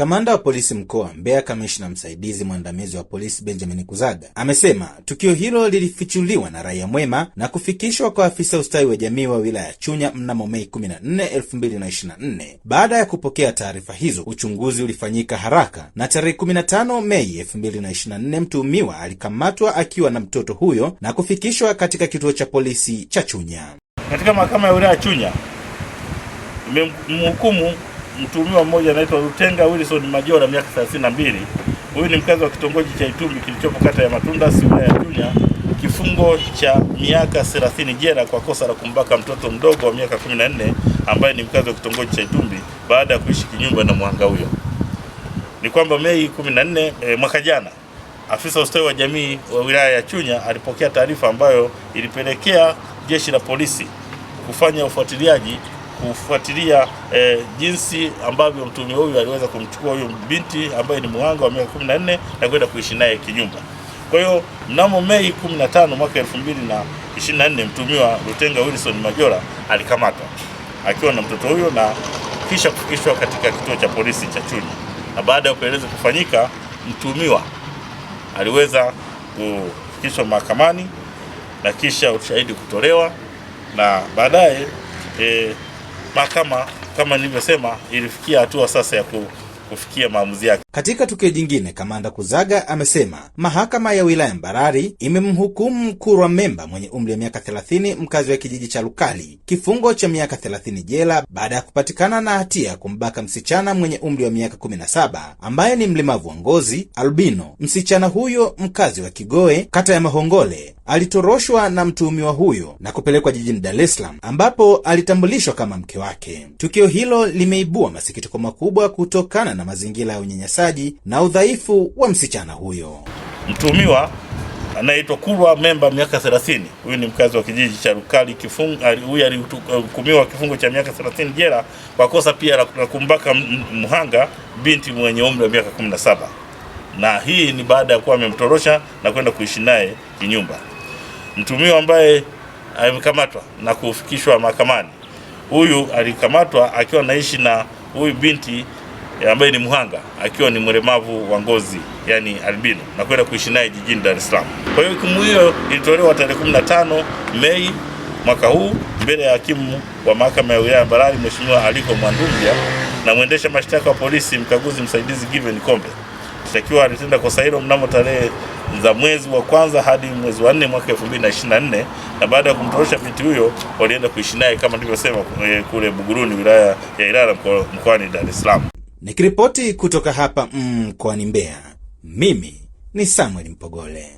Kamanda wa polisi mkoa Mbeya, kamishna msaidizi mwandamizi wa polisi Benjamin Kuzaga amesema tukio hilo lilifichuliwa na raia mwema na kufikishwa kwa afisa ustawi wa jamii wa wilaya ya Chunya mnamo Mei 14, 2024. Baada ya kupokea taarifa hizo, uchunguzi ulifanyika haraka na tarehe 15 Mei 2024 mtuhumiwa alikamatwa akiwa na mtoto huyo na kufikishwa katika kituo cha polisi cha Chunya. Katika mahakama ya wilaya ya Chunya imemhukumu mtuhumiwa mmoja anaitwa Rutenga Wilson Majora miaka 32. Huyu ni mkazi wa kitongoji cha Itumbi kilichopo kata ya Matunda wilaya ya Chunya kifungo cha miaka 30 jela kwa kosa la kumbaka mtoto mdogo wa miaka 14 ambaye ni mkazi wa kitongoji cha Itumbi baada ya kuishi kinyumba na mwanga huyo. Ni kwamba Mei 14 e, eh, mwaka jana afisa ustawi wa jamii wa wilaya ya Chunya alipokea taarifa ambayo ilipelekea jeshi la polisi kufanya ufuatiliaji kufuatilia e, eh, jinsi ambavyo mtuhumiwa huyu aliweza kumchukua huyo binti ambaye ni muhanga wa miaka 14 na kwenda kuishi naye kinyumba. Kwa hiyo mnamo Mei 15 mwaka 2024 mtuhumiwa Lutenga Wilson Majora alikamatwa akiwa na mtoto huyo na kisha kufikishwa katika kituo cha polisi cha Chunya, na baada ya upelelezi kufanyika mtumiwa aliweza kufikishwa mahakamani na kisha ushahidi kutolewa na baadaye e, mahakama kama nilivyosema ilifikia hatua sasa ya kufikia maamuzi yake. Katika tukio jingine, Kamanda Kuzaga amesema mahakama ya wilaya Mbarali imemhukumu Mkurwa Memba mwenye umri wa miaka 30 mkazi wa kijiji cha Lukali kifungo cha miaka 30 jela baada ya kupatikana na hatia ya kumbaka msichana mwenye umri wa miaka 17 ambaye ni mlemavu wa ngozi albino. Msichana huyo mkazi wa Kigoe kata ya Mahongole alitoroshwa na mtuhumiwa huyo na kupelekwa jijini Dar es Salaam ambapo alitambulishwa kama mke wake. Tukio hilo limeibua masikitiko makubwa kutokana na mazingira ya unyanyasaji unyanyasaji na udhaifu wa msichana huyo. Mtuhumiwa anayeitwa Kurwa Memba, miaka 30, huyu ni mkazi wa kijiji cha Rukali. Huyu alihukumiwa kifungo cha miaka 30 jela kwa kosa pia la kumbaka mhanga binti mwenye umri wa miaka 17, na hii ni baada ya kuwa amemtorosha na kwenda kuishi naye kinyumba. Mtuhumiwa ambaye amekamatwa na kufikishwa mahakamani, huyu alikamatwa akiwa anaishi na huyu binti Eh, ambaye ni mhanga akiwa ni mlemavu wa ngozi yani albino na kwenda kuishi naye jijini Dar es Salaam. Kwa hiyo hukumu hiyo ilitolewa tarehe 15 Mei mwaka huu mbele ya hakimu wa mahakama ya wilaya ya Mbarali Mheshimiwa Aliko Mwandumbia na mwendesha mashtaka wa polisi mkaguzi msaidizi Given Kombe. Mshtakiwa alitenda kosa hilo mnamo tarehe za mwezi wa kwanza hadi mwezi wa nne mwaka 2024 na baada ya kumtorosha binti huyo walienda kuishi naye kama nilivyosema eh, kule Buguruni wilaya ya Ilala mkoani Dar es Salaam. Nikiripoti kutoka hapa mm, mkoani mm, Mbeya, mimi ni Samwel Mpogole.